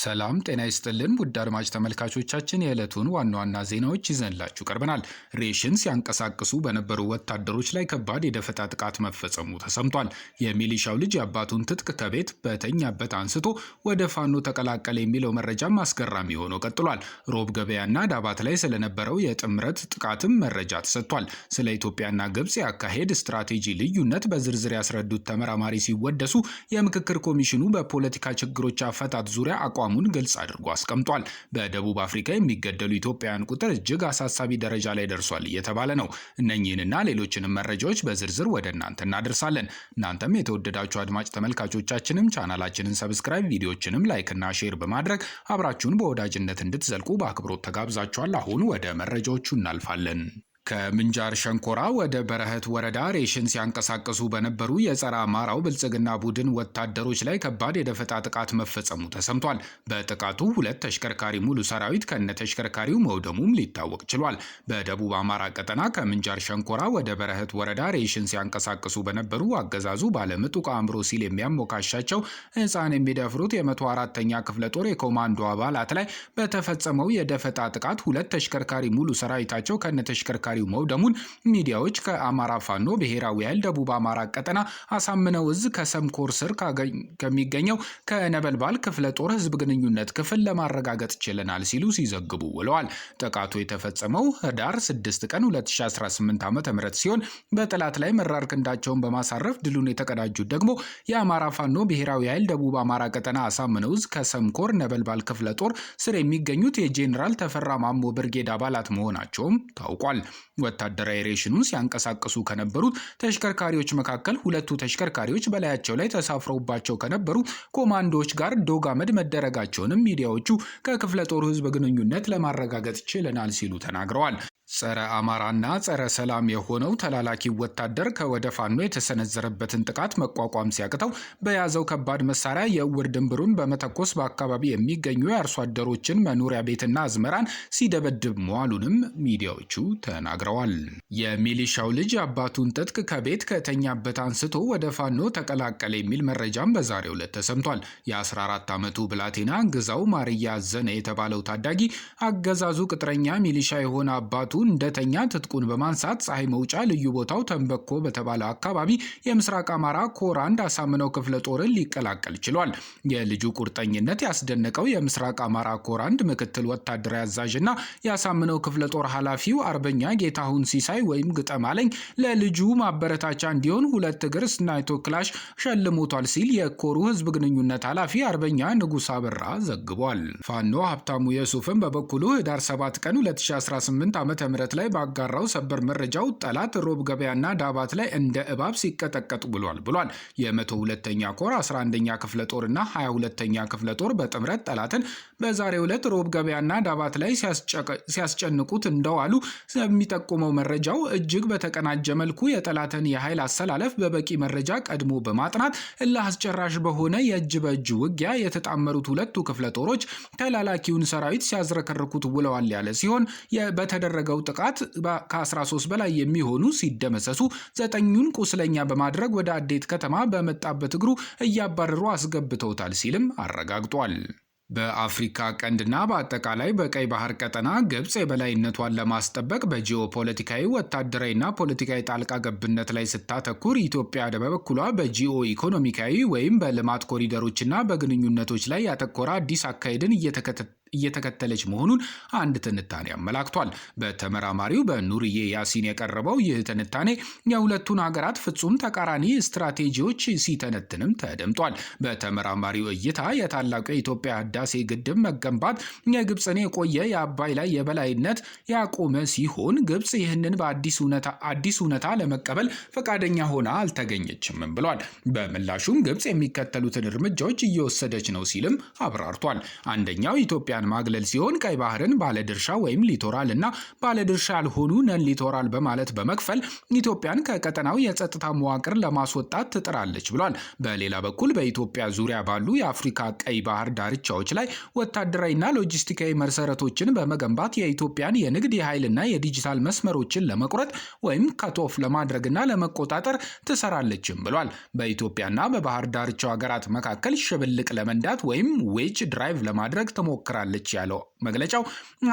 ሰላም ጤና ይስጥልን ውድ አድማጭ ተመልካቾቻችን የዕለቱን ዋና ዋና ዜናዎች ይዘንላችሁ ቀርበናል። ሬሽን ሲያንቀሳቅሱ በነበሩ ወታደሮች ላይ ከባድ የደፈጣ ጥቃት መፈጸሙ ተሰምቷል። የሚሊሻው ልጅ የአባቱን ትጥቅ ከቤት በተኛበት አንስቶ ወደ ፋኖ ተቀላቀለ የሚለው መረጃም አስገራሚ ሆኖ ቀጥሏል። ሮብ ገበያና ዳባት ላይ ስለነበረው የጥምረት ጥቃትም መረጃ ተሰጥቷል። ስለ ኢትዮጵያና ግብፅ የአካሄድ ስትራቴጂ ልዩነት በዝርዝር ያስረዱት ተመራማሪ ሲወደሱ የምክክር ኮሚሽኑ በፖለቲካ ችግሮች አፈታት ዙሪያ አቋ አቋሙን ግልጽ አድርጎ አስቀምጧል። በደቡብ አፍሪካ የሚገደሉ ኢትዮጵያውያን ቁጥር እጅግ አሳሳቢ ደረጃ ላይ ደርሷል እየተባለ ነው። እነኚህንና ሌሎችንም መረጃዎች በዝርዝር ወደ እናንተ እናደርሳለን። እናንተም የተወደዳችሁ አድማጭ ተመልካቾቻችንም ቻናላችንን ሰብስክራይብ፣ ቪዲዮችንም ላይክና ሼር በማድረግ አብራችሁን በወዳጅነት እንድትዘልቁ በአክብሮት ተጋብዛችኋል። አሁን ወደ መረጃዎቹ እናልፋለን። ከምንጃር ሸንኮራ ወደ በረህት ወረዳ ሬሽን ሲያንቀሳቀሱ በነበሩ የጸረ አማራው ብልጽግና ቡድን ወታደሮች ላይ ከባድ የደፈጣ ጥቃት መፈጸሙ ተሰምቷል። በጥቃቱ ሁለት ተሽከርካሪ ሙሉ ሰራዊት ከነ ተሽከርካሪው መውደሙም ሊታወቅ ችሏል። በደቡብ አማራ ቀጠና ከምንጃር ሸንኮራ ወደ በረህት ወረዳ ሬሽን ሲያንቀሳቀሱ በነበሩ አገዛዙ ባለምጡቅ አእምሮ ሲል የሚያሞካሻቸው ህፃን የሚደፍሩት የመቶ አራተኛ ክፍለ ጦር የኮማንዶ አባላት ላይ በተፈጸመው የደፈጣ ጥቃት ሁለት ተሽከርካሪ ሙሉ ሰራዊታቸው ከነ ተሽከርካሪ ተሽከርካሪው መውደሙን ሚዲያዎች ከአማራ ፋኖ ብሔራዊ ኃይል ደቡብ አማራ ቀጠና አሳምነው እዝ ከሰምኮር ስር ከሚገኘው ከነበልባል ክፍለ ጦር ህዝብ ግንኙነት ክፍል ለማረጋገጥ ችለናል ሲሉ ሲዘግቡ ውለዋል። ጥቃቱ የተፈጸመው ህዳር 6 ቀን 2018 ዓ.ም ሲሆን በጠላት ላይ መራር ክንዳቸውን በማሳረፍ ድሉን የተቀዳጁት ደግሞ የአማራ ፋኖ ብሔራዊ ኃይል ደቡብ አማራ ቀጠና አሳምነው እዝ ከሰምኮር ነበልባል ክፍለ ጦር ስር የሚገኙት የጄኔራል ተፈራ ማሞ ብርጌድ አባላት መሆናቸውም ታውቋል። ወታደራዊ ሬሽኑን ሲያንቀሳቅሱ ከነበሩት ተሽከርካሪዎች መካከል ሁለቱ ተሽከርካሪዎች በላያቸው ላይ ተሳፍረውባቸው ከነበሩ ኮማንዶዎች ጋር ዶጋመድ መደረጋቸውንም ሚዲያዎቹ ከክፍለ ጦሩ ህዝብ ግንኙነት ለማረጋገጥ ችለናል ሲሉ ተናግረዋል። ጸረ አማራና ጸረ ሰላም የሆነው ተላላኪ ወታደር ከወደ ፋኖ የተሰነዘረበትን ጥቃት መቋቋም ሲያቅተው በያዘው ከባድ መሳሪያ የእውር ድንብሩን በመተኮስ በአካባቢ የሚገኙ የአርሶ አደሮችን መኖሪያ ቤትና አዝመራን ሲደበድብ መዋሉንም ሚዲያዎቹ ተናግረዋል። የሚሊሻው ልጅ አባቱን ትጥቅ ከቤት ከተኛበት አንስቶ ወደ ፋኖ ተቀላቀለ የሚል መረጃም በዛሬው ዕለት ተሰምቷል። የ14 ዓመቱ ብላቴና ግዛው ማርያ ዘነ የተባለው ታዳጊ አገዛዙ ቅጥረኛ ሚሊሻ የሆነ አባቱ እንደተኛ ትጥቁን በማንሳት ፀሐይ መውጫ ልዩ ቦታው ተንበኮ በተባለ አካባቢ የምስራቅ አማራ ኮር አንድ አሳምነው ክፍለ ጦርን ሊቀላቀል ችሏል። የልጁ ቁርጠኝነት ያስደነቀው የምስራቅ አማራ ኮር አንድ ምክትል ወታደራዊ አዛዥ እና የአሳምነው ክፍለ ጦር ኃላፊው አርበኛ ጌታሁን ሲሳይ ወይም ግጠማለኝ ለልጁ ማበረታቻ እንዲሆን ሁለት እግር ስናይቶ ክላሽ ሸልሞቷል ሲል የኮሩ ህዝብ ግንኙነት ኃላፊ አርበኛ ንጉሥ አበራ ዘግቧል። ፋኖ ሀብታሙ የሱፍን በበኩሉ ህዳር 7 ቀን 2018 ዓ ምህረት ላይ ባጋራው ሰበር መረጃው ጠላት ሮብ ገበያና ዳባት ላይ እንደ እባብ ሲቀጠቀጥ ብሏል ብሏል። የመቶ ሁለተኛ ኮር 11ኛ ክፍለ እና 22ኛ ክፍለ ጦር በጥምረት ጠላትን በዛሬው ዕለት ሮብ ገበያና ዳባት ላይ ሲያስጨንቁት እንደዋሉ የሚጠቁመው መረጃው እጅግ በተቀናጀ መልኩ የጠላትን የኃይል አሰላለፍ በበቂ መረጃ ቀድሞ በማጥናት እልህ አስጨራሽ በሆነ የእጅ በእጅ ውጊያ የተጣመሩት ሁለቱ ክፍለ ጦሮች ተላላኪውን ሰራዊት ሲያዝረከርኩት ውለዋል ያለ ሲሆን በተደረገው ጥቃት ከ13 በላይ የሚሆኑ ሲደመሰሱ ዘጠኙን ቁስለኛ በማድረግ ወደ አዴት ከተማ በመጣበት እግሩ እያባረሩ አስገብተውታል ሲልም አረጋግጧል። በአፍሪካ ቀንድና በአጠቃላይ በቀይ ባህር ቀጠና ግብፅ የበላይነቷን ለማስጠበቅ በጂኦፖለቲካዊ ወታደራዊና ፖለቲካዊ ጣልቃ ገብነት ላይ ስታተኩር፣ ኢትዮጵያ በበኩሏ በጂኦ ኢኮኖሚካዊ ወይም በልማት ኮሪደሮችና በግንኙነቶች ላይ ያተኮረ አዲስ አካሄድን እየተከተተ እየተከተለች መሆኑን አንድ ትንታኔ አመላክቷል። በተመራማሪው በኑርዬ ያሲን የቀረበው ይህ ትንታኔ የሁለቱን ሀገራት ፍጹም ተቃራኒ ስትራቴጂዎች ሲተነትንም ተደምጧል። በተመራማሪው እይታ የታላቁ የኢትዮጵያ ህዳሴ ግድብ መገንባት የግብፅን የቆየ የአባይ ላይ የበላይነት ያቆመ ሲሆን ግብፅ ይህንን በአዲስ እውነታ ለመቀበል ፈቃደኛ ሆና አልተገኘችምም ብሏል። በምላሹም ግብፅ የሚከተሉትን እርምጃዎች እየወሰደች ነው ሲልም አብራርቷል። አንደኛው ኢትዮጵያ ኢትዮጵያን ማግለል ሲሆን ቀይ ባህርን ባለድርሻ ወይም ሊቶራል እና ባለድርሻ ያልሆኑ ነን ሊቶራል በማለት በመክፈል ኢትዮጵያን ከቀጠናው የጸጥታ መዋቅር ለማስወጣት ትጥራለች ብሏል። በሌላ በኩል በኢትዮጵያ ዙሪያ ባሉ የአፍሪካ ቀይ ባህር ዳርቻዎች ላይ ወታደራዊና ሎጂስቲካዊ መሰረቶችን በመገንባት የኢትዮጵያን የንግድ የኃይልና የዲጂታል መስመሮችን ለመቁረጥ ወይም ከቶፍ ለማድረግና ለመቆጣጠር ትሰራለችም ብሏል። በኢትዮጵያና በባህር ዳርቻው ሀገራት መካከል ሽብልቅ ለመንዳት ወይም ዌጅ ድራይቭ ለማድረግ ትሞክራለች ትችላለች ያለው መግለጫው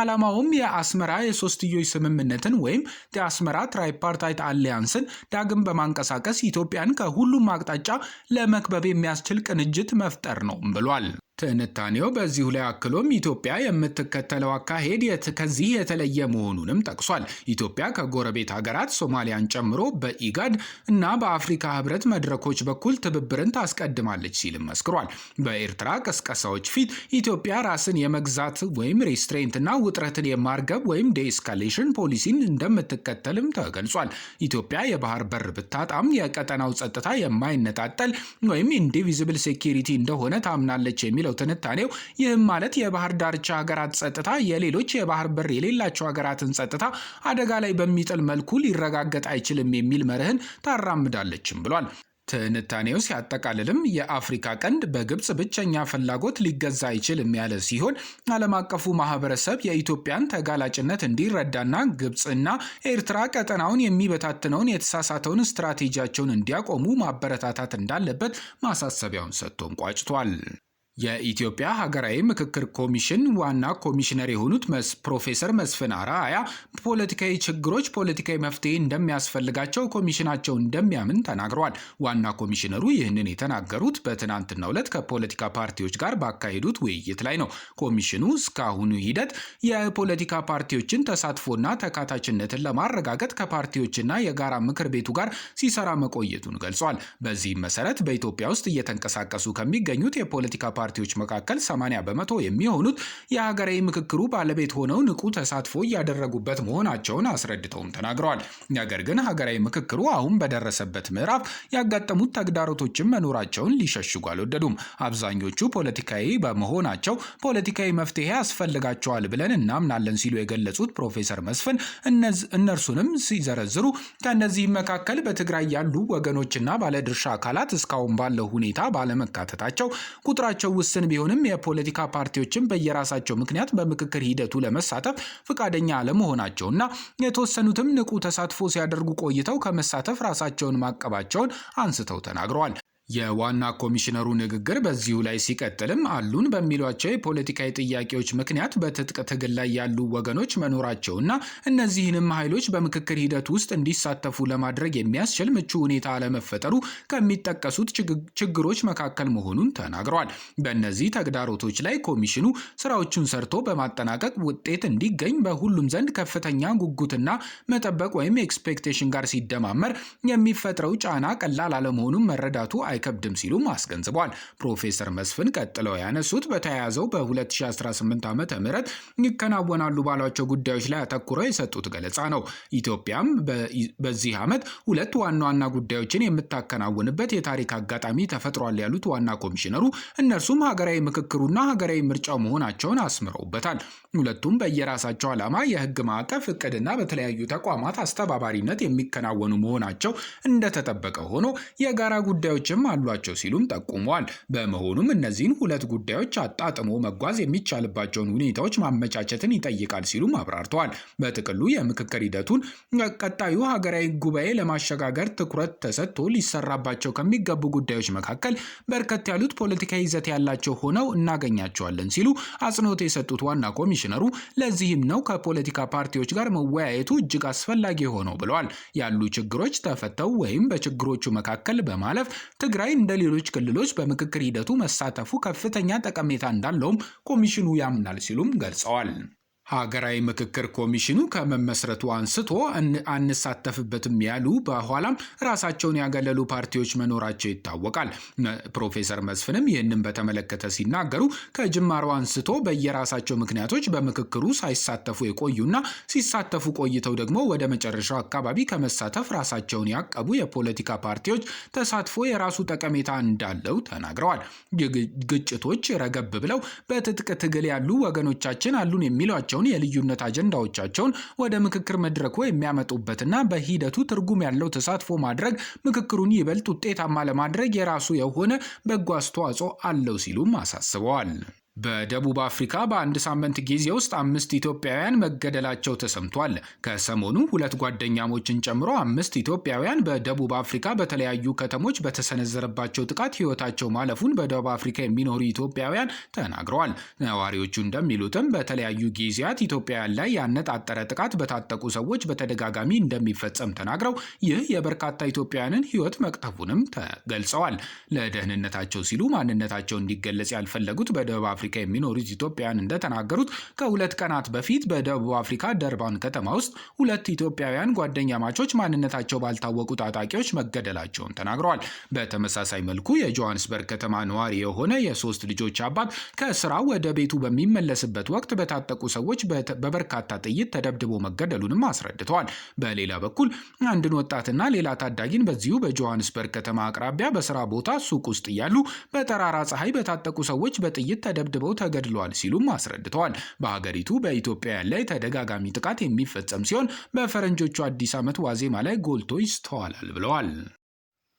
ዓላማውም የአስመራ የሶስትዮሽ ስምምነትን ወይም የአስመራ ትራይፓርታይት አሊያንስን ዳግም በማንቀሳቀስ ኢትዮጵያን ከሁሉም አቅጣጫ ለመክበብ የሚያስችል ቅንጅት መፍጠር ነው ብሏል። ትንታኔው በዚሁ ላይ አክሎም ኢትዮጵያ የምትከተለው አካሄድ ከዚህ የተለየ መሆኑንም ጠቅሷል። ኢትዮጵያ ከጎረቤት ሀገራት ሶማሊያን ጨምሮ በኢጋድ እና በአፍሪካ ሕብረት መድረኮች በኩል ትብብርን ታስቀድማለች ሲልም መስክሯል። በኤርትራ ቀስቀሳዎች ፊት ኢትዮጵያ ራስን የመግዛት ወይም ሬስትሬንት ና ውጥረትን የማርገብ ወይም ዴኤስካሌሽን ፖሊሲን እንደምትከተልም ተገልጿል። ኢትዮጵያ የባህር በር ብታጣም የቀጠናው ጸጥታ የማይነጣጠል ወይም ኢንዲቪዚብል ሴኪሪቲ እንደሆነ ታምናለች የሚለው የሚለው ትንታኔው ይህም ማለት የባህር ዳርቻ ሀገራት ጸጥታ የሌሎች የባህር በር የሌላቸው ሀገራትን ጸጥታ አደጋ ላይ በሚጥል መልኩ ሊረጋገጥ አይችልም የሚል መርህን ታራምዳለችም ብሏል። ትንታኔው ሲያጠቃልልም የአፍሪካ ቀንድ በግብፅ ብቸኛ ፍላጎት ሊገዛ አይችልም ያለ ሲሆን ዓለም አቀፉ ማህበረሰብ የኢትዮጵያን ተጋላጭነት እንዲረዳና ግብፅና ኤርትራ ቀጠናውን የሚበታትነውን የተሳሳተውን ስትራቴጂያቸውን እንዲያቆሙ ማበረታታት እንዳለበት ማሳሰቢያውን ሰጥቶን ቋጭቷል። የኢትዮጵያ ሀገራዊ ምክክር ኮሚሽን ዋና ኮሚሽነር የሆኑት ፕሮፌሰር መስፍን አርአያ ፖለቲካዊ ችግሮች ፖለቲካዊ መፍትሄ እንደሚያስፈልጋቸው ኮሚሽናቸው እንደሚያምን ተናግረዋል። ዋና ኮሚሽነሩ ይህንን የተናገሩት በትናንትናው ዕለት ከፖለቲካ ፓርቲዎች ጋር ባካሄዱት ውይይት ላይ ነው። ኮሚሽኑ እስካሁኑ ሂደት የፖለቲካ ፓርቲዎችን ተሳትፎና ተካታችነትን ለማረጋገጥ ከፓርቲዎችና የጋራ ምክር ቤቱ ጋር ሲሰራ መቆየቱን ገልጿል። በዚህም መሰረት በኢትዮጵያ ውስጥ እየተንቀሳቀሱ ከሚገኙት የፖለቲካ ፓርቲዎች መካከል 80 በመቶ የሚሆኑት የሀገራዊ ምክክሩ ባለቤት ሆነው ንቁ ተሳትፎ እያደረጉበት መሆናቸውን አስረድተውም ተናግረዋል። ነገር ግን ሀገራዊ ምክክሩ አሁን በደረሰበት ምዕራፍ ያጋጠሙት ተግዳሮቶችን መኖራቸውን ሊሸሽጉ አልወደዱም። አብዛኞቹ ፖለቲካዊ በመሆናቸው ፖለቲካዊ መፍትሄ ያስፈልጋቸዋል ብለን እናምናለን ሲሉ የገለጹት ፕሮፌሰር መስፍን እነርሱንም ሲዘረዝሩ ከእነዚህም መካከል በትግራይ ያሉ ወገኖችና ባለድርሻ አካላት እስካሁን ባለው ሁኔታ ባለመካተታቸው ቁጥራቸው ውስን ቢሆንም የፖለቲካ ፓርቲዎችም በየራሳቸው ምክንያት በምክክር ሂደቱ ለመሳተፍ ፈቃደኛ እና የተወሰኑትም ንቁ ተሳትፎ ሲያደርጉ ቆይተው ከመሳተፍ ራሳቸውን ማቀባቸውን አንስተው ተናግረዋል። የዋና ኮሚሽነሩ ንግግር በዚሁ ላይ ሲቀጥልም አሉን በሚሏቸው የፖለቲካዊ ጥያቄዎች ምክንያት በትጥቅ ትግል ላይ ያሉ ወገኖች መኖራቸውና እነዚህንም ኃይሎች በምክክር ሂደት ውስጥ እንዲሳተፉ ለማድረግ የሚያስችል ምቹ ሁኔታ አለመፈጠሩ ከሚጠቀሱት ችግሮች መካከል መሆኑን ተናግረዋል። በእነዚህ ተግዳሮቶች ላይ ኮሚሽኑ ስራዎቹን ሰርቶ በማጠናቀቅ ውጤት እንዲገኝ በሁሉም ዘንድ ከፍተኛ ጉጉትና መጠበቅ ወይም ኤክስፔክቴሽን ጋር ሲደማመር የሚፈጥረው ጫና ቀላል አለመሆኑን መረዳቱ አይ አይከብድም ሲሉም አስገንዝቧል። ፕሮፌሰር መስፍን ቀጥለው ያነሱት በተያያዘው በ2018 ዓ ም ይከናወናሉ ባሏቸው ጉዳዮች ላይ አተኩረው የሰጡት ገለጻ ነው። ኢትዮጵያም በዚህ ዓመት ሁለት ዋና ዋና ጉዳዮችን የምታከናውንበት የታሪክ አጋጣሚ ተፈጥሯል ያሉት ዋና ኮሚሽነሩ እነርሱም ሀገራዊ ምክክሩና ሀገራዊ ምርጫው መሆናቸውን አስምረውበታል። ሁለቱም በየራሳቸው ዓላማ፣ የህግ ማዕቀፍ፣ እቅድና በተለያዩ ተቋማት አስተባባሪነት የሚከናወኑ መሆናቸው እንደተጠበቀ ሆኖ የጋራ ጉዳዮችም አሏቸው ሲሉም ጠቁመዋል። በመሆኑም እነዚህን ሁለት ጉዳዮች አጣጥሞ መጓዝ የሚቻልባቸውን ሁኔታዎች ማመቻቸትን ይጠይቃል ሲሉም አብራርተዋል። በጥቅሉ የምክክር ሂደቱን ቀጣዩ ሀገራዊ ጉባኤ ለማሸጋገር ትኩረት ተሰጥቶ ሊሰራባቸው ከሚገቡ ጉዳዮች መካከል በርከት ያሉት ፖለቲካዊ ይዘት ያላቸው ሆነው እናገኛቸዋለን ሲሉ አጽንኦት የሰጡት ዋና ኮሚሽነሩ ለዚህም ነው ከፖለቲካ ፓርቲዎች ጋር መወያየቱ እጅግ አስፈላጊ ሆነው ብለዋል። ያሉ ችግሮች ተፈተው ወይም በችግሮቹ መካከል በማለፍ ትግ ትግራይ እንደ ሌሎች ክልሎች በምክክር ሂደቱ መሳተፉ ከፍተኛ ጠቀሜታ እንዳለውም ኮሚሽኑ ያምናል ሲሉም ገልጸዋል። ሀገራዊ ምክክር ኮሚሽኑ ከመመስረቱ አንስቶ አንሳተፍበትም ያሉ በኋላም ራሳቸውን ያገለሉ ፓርቲዎች መኖራቸው ይታወቃል። ፕሮፌሰር መስፍንም ይህንን በተመለከተ ሲናገሩ ከጅማሮ አንስቶ በየራሳቸው ምክንያቶች በምክክሩ ሳይሳተፉ የቆዩና ሲሳተፉ ቆይተው ደግሞ ወደ መጨረሻው አካባቢ ከመሳተፍ ራሳቸውን ያቀቡ የፖለቲካ ፓርቲዎች ተሳትፎ የራሱ ጠቀሜታ እንዳለው ተናግረዋል። ግጭቶች ረገብ ብለው በትጥቅ ትግል ያሉ ወገኖቻችን አሉን የሚሏቸው ያሏቸውን የልዩነት አጀንዳዎቻቸውን ወደ ምክክር መድረኩ የሚያመጡበትና በሂደቱ ትርጉም ያለው ተሳትፎ ማድረግ ምክክሩን ይበልጥ ውጤታማ ለማድረግ የራሱ የሆነ በጎ አስተዋጽኦ አለው ሲሉም አሳስበዋል። በደቡብ አፍሪካ በአንድ ሳምንት ጊዜ ውስጥ አምስት ኢትዮጵያውያን መገደላቸው ተሰምቷል። ከሰሞኑ ሁለት ጓደኛሞችን ጨምሮ አምስት ኢትዮጵያውያን በደቡብ አፍሪካ በተለያዩ ከተሞች በተሰነዘረባቸው ጥቃት ሕይወታቸው ማለፉን በደቡብ አፍሪካ የሚኖሩ ኢትዮጵያውያን ተናግረዋል። ነዋሪዎቹ እንደሚሉትም በተለያዩ ጊዜያት ኢትዮጵያውያን ላይ ያነጣጠረ ጥቃት በታጠቁ ሰዎች በተደጋጋሚ እንደሚፈጸም ተናግረው ይህ የበርካታ ኢትዮጵያውያንን ሕይወት መቅጠፉንም ተገልጸዋል። ለደህንነታቸው ሲሉ ማንነታቸው እንዲገለጽ ያልፈለጉት በደቡብ አፍሪካ የሚኖሩት ኢትዮጵያውያን እንደተናገሩት ከሁለት ቀናት በፊት በደቡብ አፍሪካ ደርባን ከተማ ውስጥ ሁለት ኢትዮጵያውያን ጓደኛ ማቾች ማንነታቸው ባልታወቁ ታጣቂዎች መገደላቸውን ተናግረዋል። በተመሳሳይ መልኩ የጆሃንስበርግ ከተማ ነዋሪ የሆነ የሶስት ልጆች አባት ከስራ ወደ ቤቱ በሚመለስበት ወቅት በታጠቁ ሰዎች በበርካታ ጥይት ተደብድቦ መገደሉንም አስረድተዋል። በሌላ በኩል አንድን ወጣትና ሌላ ታዳጊን በዚሁ በጆሃንስበርግ ከተማ አቅራቢያ በስራ ቦታ ሱቅ ውስጥ እያሉ በጠራራ ፀሐይ በታጠቁ ሰዎች በጥይት ተደብድ ተደብድበው ተገድለዋል ሲሉም አስረድተዋል። በሀገሪቱ በኢትዮጵያውያን ላይ ተደጋጋሚ ጥቃት የሚፈጸም ሲሆን በፈረንጆቹ አዲስ ዓመት ዋዜማ ላይ ጎልቶ ይስተዋላል ብለዋል።